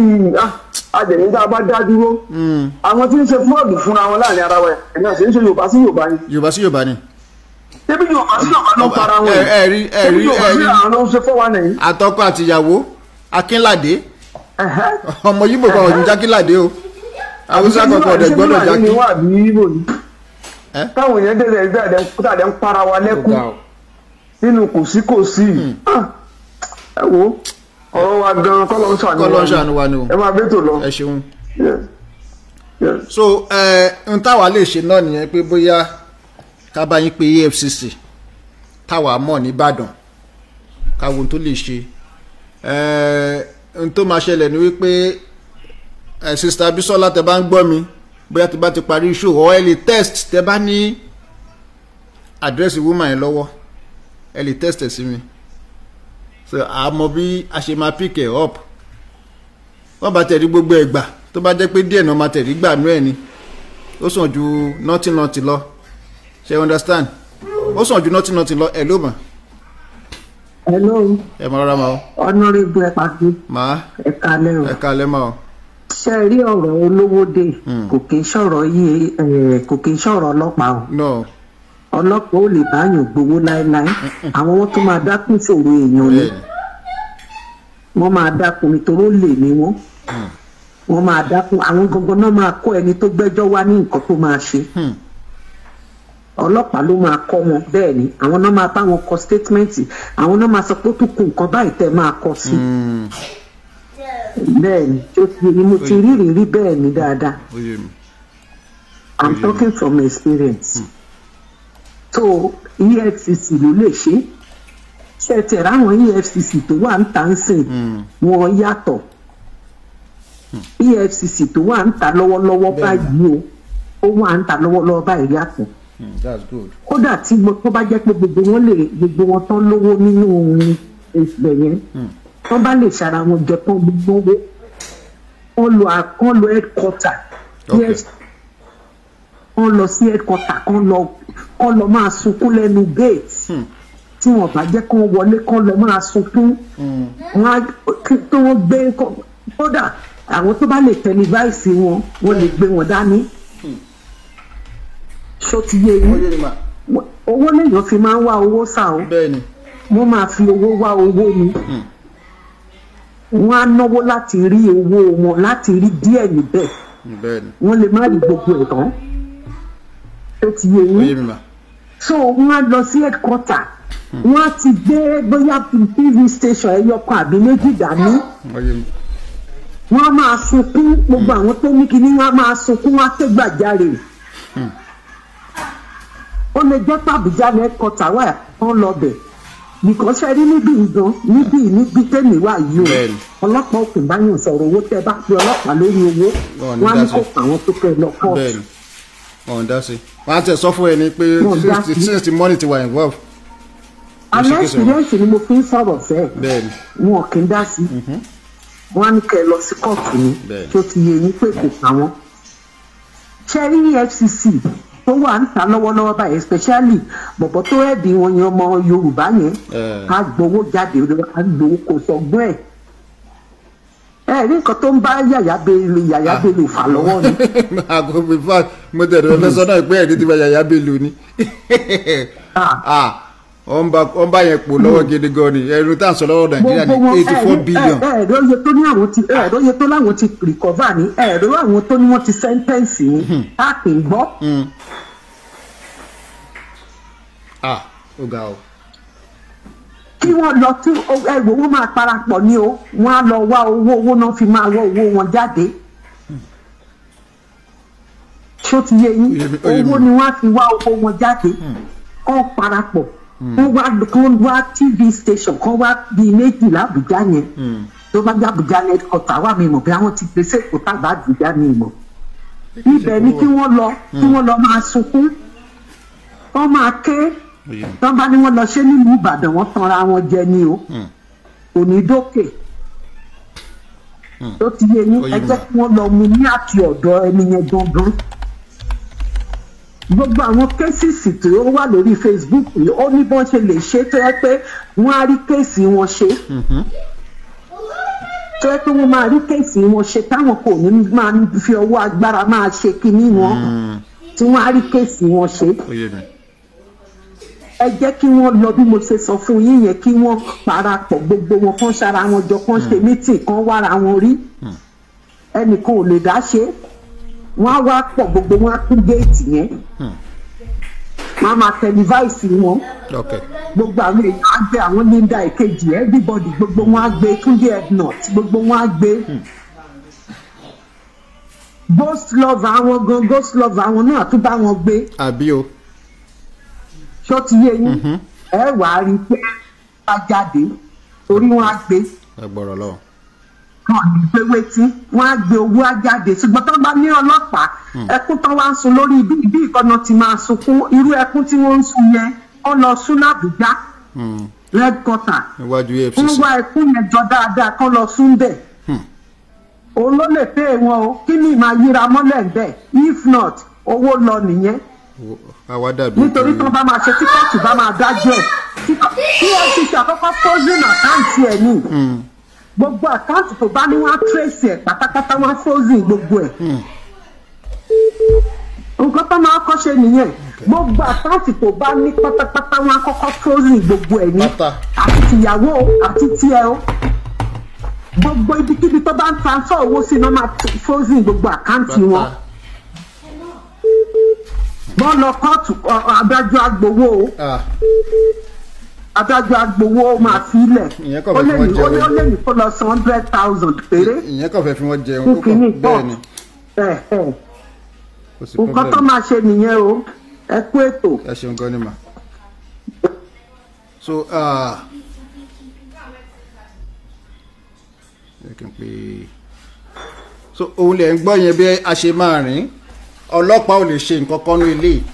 ah àjẹ̀mí tá a bá dá dúró hmm. àwọn tí ń ṣe fúrọ́ọ̀dù fúnra wọn láàrin ara wa ẹ̀ náà ṣe ń ṣe yorùbá sí yorùbá ni. yorùbá sí yorùbá ni. ṣébí yorùbá sí yorùbá ló ń para wọn ẹ rí ẹ rí ẹ rí àtọkọ àtìyàwó akínládé ọmọ yìí bò kọ ọdún jákínládé o haúsá kankan ọdẹ gbọ́dọ̀ jákí. táwọn èèyàn dé tàdé ń para wa lẹ́kún nínú kòsíkòsí hmm. ah. ẹ wo ọ̀rọ̀ wa gan kọ́lọ́ ń ṣàánú wa ni o ẹ máa bẹ́tò lọ. ẹ ṣeun. so n táwa lè ṣe náà nìyẹn pé bóyá ká bá yín pé EFCC táwa mọ̀ nìbàdàn káwọn tó lè ṣe n tó máa ṣẹlẹ̀ ni wípé sista Bisola tẹ bá ń gbọ́ mi bóyá tẹ bá ti parí iṣu ọ ẹ lè test tẹ bá ní àdírẹ́sì woman yẹn lọ́wọ́ ẹ lè test ẹ̀ sí mi so a mọ bí a ṣe máa pick ẹ up wọ́n bá tẹ̀rí gbogbo ẹ̀ gbà tó bá jẹ́ pé díẹ̀ náà máa tẹ̀rí gbà nú ẹ̀ ni ó sàn ju nọ́tì nọ́tì lọ ṣe understand ó sàn ju Nothing, nothing. lọ ẹ̀ ló mọ̀. hello. ẹ mọ rárá ma o. ọ̀nàrẹ́bù ẹ pàdé. Ma. ẹ kalẹ́ o. ẹ kalẹ́ ma o. ṣe rí ọ̀rọ̀ olówó dé hmm. kò kí ń ṣọ̀rọ̀ yìí kò kí ń ṣọ̀rọ̀ ọlọ́pàá o. no ọlọ́pàá ò lè báyàn gbowó láéláé àwọn wọn tó máa dákún ṣòro èèyàn ni wọ́n máa dákún nítorí ó lè ní wọ́n hmm. wọ́n máa dákún àwọn gangan náà máa kọ́ ẹni tó gbẹ́jọ́ wá ní nǹkan tó máa ṣe hmm. ọlọ́pàá ló máa kọ́ wọn bẹ́ẹ̀ ni àwọn náà máa bá wọn kọ sítétímẹ́ǹtì àwọn náà máa sọ pé ó tún kù nǹkan báyìí tẹ́ máa kọ sí hmm. bẹ́ẹ̀ ni tó ti ni mo ti rí ìrírí bẹ́ẹ̀ ni dáadáa I'm talking from experience. Hmm tó EFCC ló lè ṣe ṣẹtẹ ráwọn EFCC tó wà ń ta ń sìn hmm. wọn yàtọ̀ EFCC tó wà ń ta lọ́wọ́lọ́wọ́ báyìí o ó wà ń ta lọ́wọ́lọ́wọ́ báyìí yàtọ̀ hmm, kódà tí tó bá jẹ́ pé gbogbo wọn lè gbogbo wọn tán lówó nínú ìgbẹ̀ yẹn hmm. tán bá lè ṣara wọn jẹ tán gbogbo wọn lo àkànlò headquarter e kán lọ sí headquarter kán lọ kán lọ máa sunkún lẹ́nu gate hmm. tí wọ́n bá jẹ́ kán wọlé kán lọ máa sunkún hmm. wọ́n á tó wọ́n gbé kódà àwọn tó bá lè tẹlifáìsì wọn wọ́n lè gbé wọn dání hmm. ṣó ti yé yín owó lèèyàn fi máa ń wá owó sá o wọ́n máa fi owó wá owó ni wọ́n á náwó láti rí owó wọn láti rí díẹ̀ níbẹ̀ wọ́n lè má rí gbogbo ẹ̀ tán eti yẹn so wọn lọ sí headquarter wọn ti gbé bóyá tv station ẹyọkọ àbí méjì dání wọn máa sunkún gbogbo hmm. àwọn tó ní kíní wọn máa sunkún wọn ké gbàjarè hmm. ó lè jẹ́ pàbíjà ní headquarter wà kán lọ bẹ̀ because ẹ rí níbí ìdán níbí níbí tẹ́mi wà yìí o ọlọ́pàá òkè báyọ̀ sọ̀rọ̀ owó tẹ́ bá pe ọlọ́pàá lórí owó wọn á ní kó pa àwọn tó kẹ́ lọ kóòtù wọn dá sí wọn á tẹ sọ fún ẹ ní pé since the money ti wà involved. àmọ́ experience ni mo fi ń sọ̀rọ̀ sẹ́ẹ̀ wọn kì í dá sí mhm. wọn á ní kẹ́ ẹ lọ sí kóòtù ni tó ti yẹ yín pé kò pa wọn. cherry efcc tó wà ń ta lọ́wọ́lọ́wọ́ báyìí especially bọ̀bọ̀ tó ẹ̀bí wọn yẹn ọmọ yorùbá yẹn á eh. gbowó jáde á gbowó kò sọ ẹ̀. ẹ rí nǹkan tó ń bá yàyà yàyà fà lọ́wọ́ ni. mo tẹ̀lé ti yàyà ni. Ah. Ah, wọ́n bá yẹn pò lọ́wọ́ gidi gan ni ẹ̀rù tá à ń sọ lọ́wọ́ nàìjíríà ní eighty four billion. tó ní àwọn ti ah. tó láwọn ti rìkọ́fà kí wọ́n lọ tún ẹrù owó máa parapọ̀ ní o wọ́n á lọ wá owó owó náà fi máa wọ owó wọn jáde ṣó ti yé yín owó ni wọ́n á fi wá owó wọn jáde kọ́ hmm. parapọ̀ wọ́n hmm. wá tv station kán wá bíi méjì lábùjá yẹn hmm. tó bá jẹ́ àbújá headquarter wà mí mọ̀ bí àwọn ti gbèsè kó tàbá àbújá mi mọ̀ ibẹ̀ ni kí wọ́n lọ kí wọ́n lọ máa sunkún wọ́n máa ké tán bá ní wọ́n lọ ṣe nílùú ìbàdàn wọ́n tanra wọn jẹ ni o òní hmm. dókè hmm. tó ti yé ní ẹgbẹ́ tí wọ́n lọ mu ní àti ọ̀dọ̀ ẹni yẹn gangan gbogbo àwọn kéésìsì tí ó wà lórí facebook ó ní bọ́n ṣe lè ṣe tó yẹ pé wọ́n á rí kéèsì wọn ṣe mm-hmm. tó yẹ pé wọ́n máa rí kéèsì wọn ṣe táwọn kò ní máa fi ọwọ́ agbára máa ṣe kinní wọn hmm. tí wọ́n á rí kéèsì wọn ṣe ẹ jẹ́ kí wọ́n lọ bí mo ṣe sọ fún yín yẹn kí wọ́n parapọ̀ gbogbo wọn kán ṣara wọn jọ kán ṣe mítìn hmm. kán wára wọn rí hmm. ẹnìkan ò lè dá ṣe wọ́n á wá pọ̀ gbogbo wọn á kú géètì yẹn hmm. máa ma wọn gbogbo àwọn èèyàn á gbé àwọn linda èkejì everybody gbogbo wọn á gbé Túndé ednut gbogbo wọn á gbé ghost lover àwọn gan ghost lover àwọn náà tún bá wọn gbé. àbí o ṣó ti yé yín mhm. ẹ wà á rí i pé bá jáde torí wọn á gbé wọn ní pé wétí wọn á gbé owó á jáde ṣùgbọ́n tó bá ní ọlọ́pàá hmm. ẹkún tó wá ń sun lórí ibi ibi ìkọ́nà ti máa sunkún irú ẹkún tí wọ́n ń sun yẹn ó lọ sún làbújá hmm. red quarter ń wá ẹkún yẹn jọ dáadáa kán lọ sún bẹ́ẹ̀ hmm. òun ló lè pè wọn o kí ni màá yíra mọ́lẹ̀ bẹ́ẹ̀ if not owó lọ nìyẹn àwa dàbí. nítorí tó bá máa ṣe tí kóòtù bá máa dájọ́ ẹ̀ tí efcc àkọ́kọ́ frozen àkáǹtì ẹ̀ ní hmm. gbogbo àkáǹtì tó bá ní wọ́n á trace ẹ̀ pátápátá wọ́n á frozen gbogbo ẹ̀ hmm. nǹkan tó máa kọ́ ṣe nìyẹn gbogbo àkáǹtì tó bá ní pátápátá wọn akọ́kọ́ frozen gbogbo ẹ̀ ní àti tìyàwó àti tiẹ̀ o gbogbo ibikíbi tó bá ń transfer owó sí ni wọ́n máa frozen gbogbo àkáǹtì wọn wọ́n lọ kóòtù adájọ́ agbowó adájọ́ agbowó máa fi ilẹ̀ ó lè ní ó lè ní kó lọ san hundred thousand péré ìyẹn kàn fẹ́ fi wọ́n jẹun tó kàn bẹ́ẹ̀ ni nǹkan tó máa ṣe nìyẹn o ẹ kú ètò. ẹ ṣeun gan ni mà so uh, so òun lè ń gbọ́ yẹn bí a ṣe máa rìn ọlọ́pàá ò lè ṣe nǹkan kan ní ilé yìí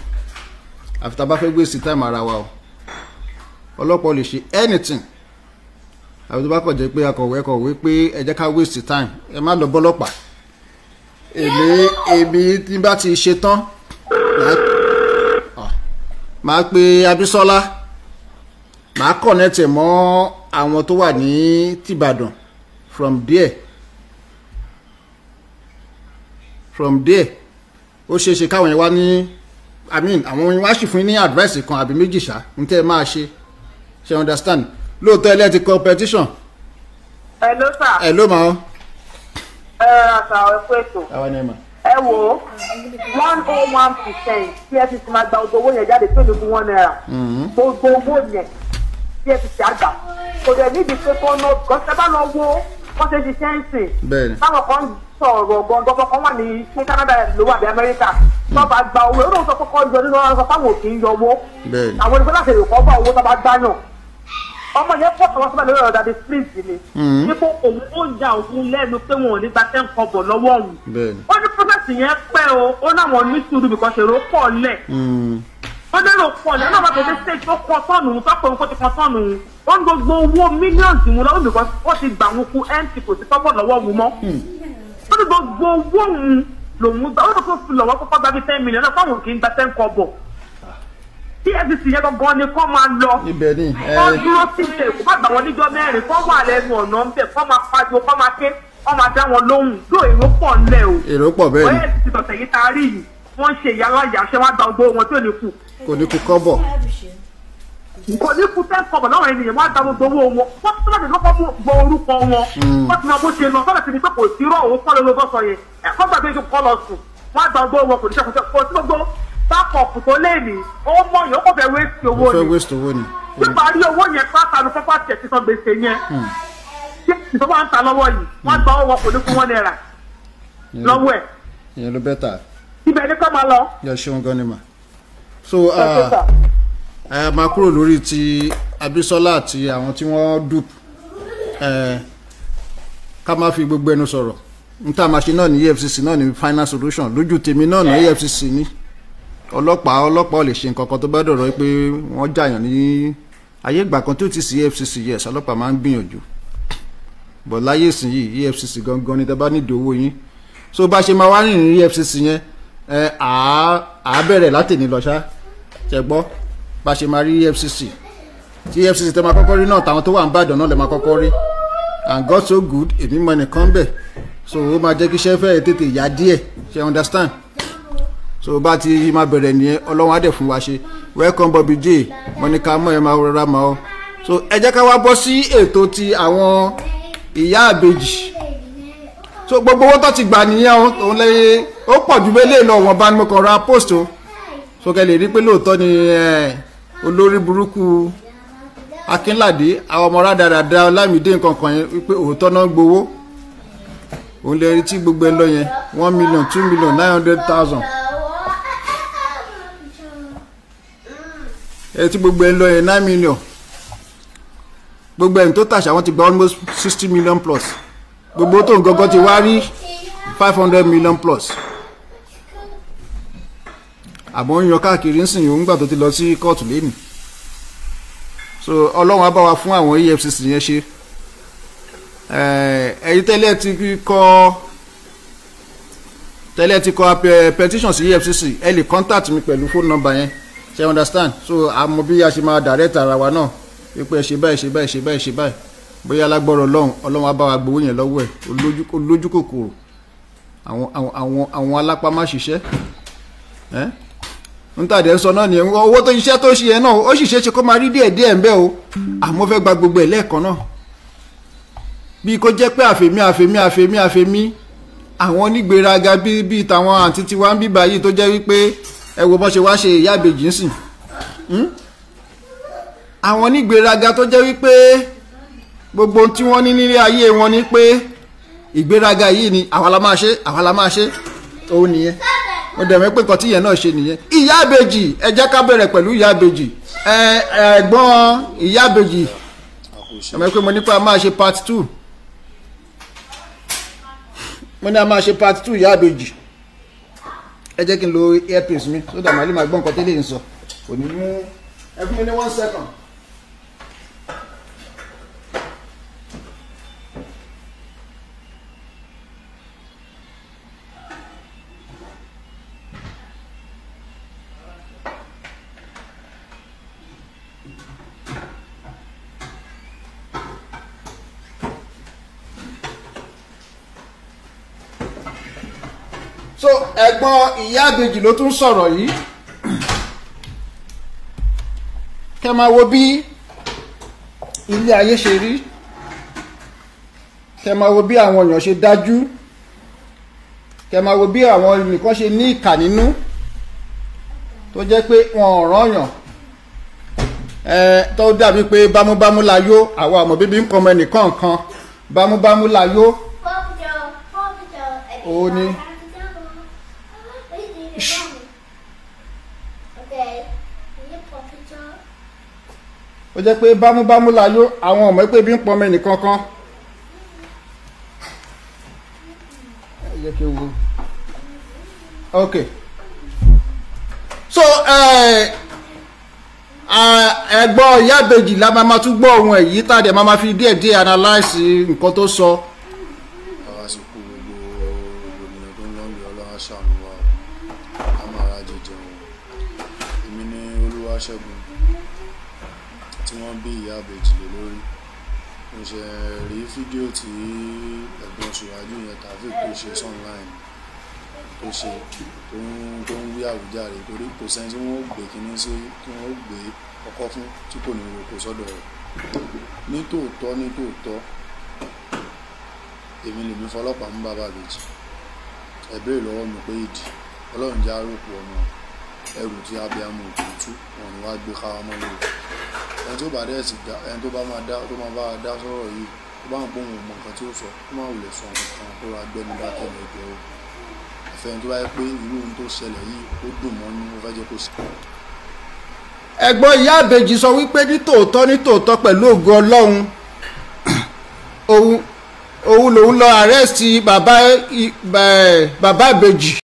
àfi tá a bá fẹ́ gbé sí táìmù ara wa o ọlọ́pàá ò lè ṣe anything àfi tó bá kọ̀ jẹ́ pé akọ̀wé akọ̀wé pé ẹ jẹ́ ká waste time ẹ má lọ bọ́lọ́pàá èmi èmi tí bá ti ṣe tán màá pe Abisola màá connect mọ́ àwọn tó wà ní tìbàdàn from there from there ó ṣeé ṣe káwọn yẹn wá ní i àwọn yẹn wá sì fún yín ní advice kan àbí méjì ṣá n tẹ́ ẹ máa ṣe ṣe understand lóòótọ́ ilé ti kọ ẹ ló sà. ẹ ló máa. ẹ ra sàwọn ẹkú ètò. ẹ mọ̀ one oh one percent efcc máa gba gbogbo owó yẹn jáde tó ní fún one naira mm-hmm. gbogbo owó yẹn efcc àgbà kò dẹ̀ níbi pé kó ná gọ́sẹ̀ bá lọ wo wọ́n ṣe ti ṣẹ́ǹsì báwọn kan sọ̀rọ̀ gbọ̀ngàn kankan wà ní ṣé Canada ló wà ní Amẹ́ríkà tọ́ba gba owó ó lóun sọ kọ́kọ́ yọ nínú ọ̀rọ̀ táwọn òfin yọ owó àwọn ìgbẹ́ láti èrò kọ́ bá owó tọ́ba gbáyàn ọmọ yẹn pọ̀ tọ́wọ́ sábà lórí ọ̀dà the street ni nípò hmm. òun ó ya òun lẹ́nu pé wọn ò ní gba ten kọ́bọ̀ lọ́wọ́ òun ó ní prọfẹ̀sì yẹn pẹ́ o ó láwọn ní sùúrù bìkan ṣèrò pọ̀ lẹ̀ ó hmm. lérò pọ̀ lẹ̀ náà bá tẹ̀lé stage tó kọ́ tọ́ọ̀nù òun tọ́pọ̀ òun kó ti kọ́ tọ́ọ̀nù òun ó ń gbogbo owó mílíọ̀nù òun lọ́wọ́ bìkan ó ti gbà wọn kú ẹ́ńtì kò sí kọ́bọ̀ lọ́wọ́ òun mọ́ hmm lórí gbogbo owó òun lòun gba ó lọ fún lọ́wọ́ kọ́kọ́ gba bíi ten million náà fáwọn òkè ń gba ten kọ́bọ̀ efcc yẹn gangan ni kọ́ máa lọ kọ́ dúró sílẹ̀ kó má gbà wọ́n níjọ́ mẹ́rin kọ́ wà lẹ́nu ọ̀nà ń bẹ̀ kọ́ máa pariwo kọ́ máa ké kọ́ máa dá wọn lóhùn ló èrò pọ̀ ńlẹ̀ o èrò pọ̀ bẹ́ẹ̀ ni efcc tọ̀tẹ̀ yìí tá a rí yìí wọ́n ń ṣe ìyá aláyà ṣé wọ́n gba gbogbo wọn tó ní kù. kò ní kú kọ́ bọ̀ kò ní kú ten kọ́bọ̀ lọ́rọ̀ ènìyàn wọn á da gbogbo owó wọn wọn tí wọn lè lọkọ gbọ́ orúkọ wọn hmm. wọn ti máa bó ṣe lọ sọdọ sí ni pé kò sí rọ òun kọ lọlọgbọ sọ yẹn ẹkọ gbàgbé ju kọ lọ sùn wọn á da gbogbo wọn kò ní sẹkùn sẹkùn kò sí gbogbo bákọ̀ọ̀pù tó lé ní owó mọ yìí o kò fẹ́ wéṣì owó ni ó fẹ́ wéṣì owó ni. nípa rí owó yẹn pátá ló fọ́pá tẹ̀ sísan gbèsè yẹn hmm. ṣé ìtọ́ wa ń ta lọ́wọ́ yìí wọ́n gba owó kò ní fún wọn náírà lọ́wọ́ ẹ̀. ìyẹn ló bẹ́tà. ibẹ̀ ni kọ́ máa lọ. yẹ ṣeun gan ni so. Uh, ẹ máa kúrò lórí ti Abisola àti àwọn tí wọ́n dupe ẹ ká má fi gbogbo ẹnu sọ̀rọ̀ n tá a ṣe náà ní EFCC náà ní final solution lójú tèmi náà ní EFCC ní ọlọ́pàá ọlọ́pàá ò lè ṣe nǹkan kan tó bá dọ̀rọ̀ pé wọ́n jàyàn ní ayé ìgbà kan tí ó ti sí EFCC yes ọlọ́pàá máa ń gbìyànjú bọ̀ láyé ìsìn EFCC gangan ni tẹ́bá nídìí owó yín so bá ṣe máa wá rìn ní EFCC yẹn ẹ àá àá bẹ̀rẹ̀ látẹ̀ní lọ ṣá ṣẹ bá máa rí EFCC tí EFCC tẹ́ máa kọ́kọ́ rí náà táwọn tó wà ń bàdàn náà lẹ́ máa kọ́kọ́ rí and God so good èmi mọ nìkan bẹ̀ so ó máa jẹ́ kí iṣẹ́ fẹ́ẹ́ tètè yá díẹ̀ ṣe understand so bá ti máa bẹ̀rẹ̀ nìyẹn ọlọ́run á dẹ̀ fún wa ṣe welcome Bobby J Monica mọ̀ ẹ́ máa rọra mọ́ ọ so ẹ jẹ́ ká wá bọ́ sí ètò ti àwọn ìyá àbejì so gbogbo owó tó ti gbà nìyẹn o òun lẹ́yìn ó pọ̀ ju bẹ́ẹ̀ lè lọ wọ́n bá ní mo kàn post o so kẹ́ lè rí pé lóòótọ́ ni olórí burúkú akínládé àwọn ọmọ rádaràda ọlámídé nkankan yẹn wípé òótọ́ náà gbowó òun lè rí gbogbo ẹ lọ yẹn one million two million nine hundred thousand ẹ tí gbogbo ẹ lọ yẹn nine million gbogbo ẹni tó tàṣà wọn ti gba almost sixty million plus gbogbo tó ń gọgọ ti wá rí five hundred million plus àmọ́ ń yan káàkiri ń sìn yòó ńgbà tó ti lọ sí kóòtù lẹ́nu so ọlọ́run á bá wa fún àwọn EFCC yẹn ṣe eh, ẹ̀yin tẹ́lẹ̀ ti kọ tẹ́lẹ̀ ti kọ petition sí EFCC ẹ lè contact mi pẹ̀lú phone number yẹn ṣe understand so àmọ́ bí a ṣe máa direct ara wa náà wípé ẹ ṣe báyìí ṣe báyìí ṣe báyìí ṣe báyìí bóyá alágbọ́rọ̀ ọlọ́run ọlọ́run á bá wa gbowó yẹn lọ́wọ́ ẹ̀ olójú àwọn àwọn ṣiṣẹ́ ẹ́. Eh? ntàdé sọ náà nìyẹn owó tó iṣẹ́ tó ṣe yẹn náà ó sì ṣeé ṣe kó máa rí díẹ̀ ń bẹ́ o àmọ́ fẹ́ gba gbogbo ẹ̀ lẹ́ẹ̀kan náà bíi kó jẹ́ pé àfẹ̀mí àfẹ̀mí àfẹ̀mí àfẹ̀mí àwọn onígbéraga bíi bíi tàwọn àǹtí tiwa ń bíbá yìí tó jẹ́ wípé ẹ wo bọ́n ṣe wá ṣe ìyá ìbejì ń sìn hmm? àwọn onígbéraga tó jẹ́ wípé gbogbo ohun tí wọ́n ní nílé ayé wọn ni pé ìgbéraga yìí ni àwa la máa ṣe àwa la máa ṣe òun nìyẹn mo dẹ̀ mọ̀ pé nǹkan tí náà ṣe nìyẹn ìyá àbèjì ẹ ká bẹ̀rẹ̀ pẹ̀lú ìyá àbèjì ẹ̀gbọ́n ìyá àbèjì ẹ pé mo ní pé a máa ṣe part two mo ní a máa ṣe part two ìyá àbèjì ẹ jẹ́ kí n lo earpiece mi so that màá lè máa gbọ́ nǹkan tẹ́lẹ̀ ń sọ kò ní mú ẹ fún mi ní one second. ẹ̀gbọ́n ìyá àbèjì ló tún sọ̀rọ̀ yìí kẹ́ máa wo bí ilé ayé ṣe rí kẹ́ máa wo bí àwọn èèyàn ṣe dájú kẹ́ máa wo bí àwọn nìkan ṣe ní ìkà nínú tó jẹ́ pé wọn ò rányàn tó dàbí pé bámúbámú la yó àwa ọmọ bíbí ń kọ́ ẹnìkan kan bámúbámú la yó. ó ní. Shh. ó jẹ́ pé bámúbámú la yó àwọn ọmọ pé bí ń pọnmi nìkan kan. ok so eh, eh, ẹgbọ́n ìyá la máa tún gbọ́ ohun ẹ̀ yìí tàdé máa fi díẹ̀ díẹ̀ analyse nǹkan tó sọ. So, ṣẹ̀ṣẹ̀ rí fídíò tí ẹ̀gbọ́n Suraju yẹn Taofeek tó ṣe online tó ṣe tó ń wí àwùjáre torí kò sẹ́ni tí wọ́n gbé kinní sí tí wọ́n gbé ọkọ́ fún tí kò ní roko sọ́dọ̀ rẹ̀ ní tòótọ́ ní tòótọ́ èmi lèmi fọlọ́pàá mú bàbá àbèjì ẹ̀bẹ̀rẹ̀ lọ́wọ́ mi pé ìdí ọlọ́run já rògbò ọmọ rẹ̀ ẹrù tí abiyamọ òkè tú wọn ni wàá gbé káwa mọ lórí ẹni tó bá dẹ̀ dá ẹni tó bá máa dá tó máa bá a dá sọ̀rọ̀ yìí tó bá ń gbóhùn ọmọ nǹkan tí ó sọ tó máa wulẹ̀ sọ nǹkan kó ra gbẹ́ni bá tẹ̀lé ẹgbẹ́ o àfẹ́ ẹni tó bá yẹ pé irú ohun tó ṣẹlẹ̀ yìí ó dùn mọ́ ní mo fẹ́ jẹ́ kó sí. ẹ̀gbọ́n ìyá àbèjì sọ wípé nítòótọ́ nítòótọ́ pẹ̀lú ògo ọlọ́run òun lòun lọ àrẹ́sì bàbá ìbejì.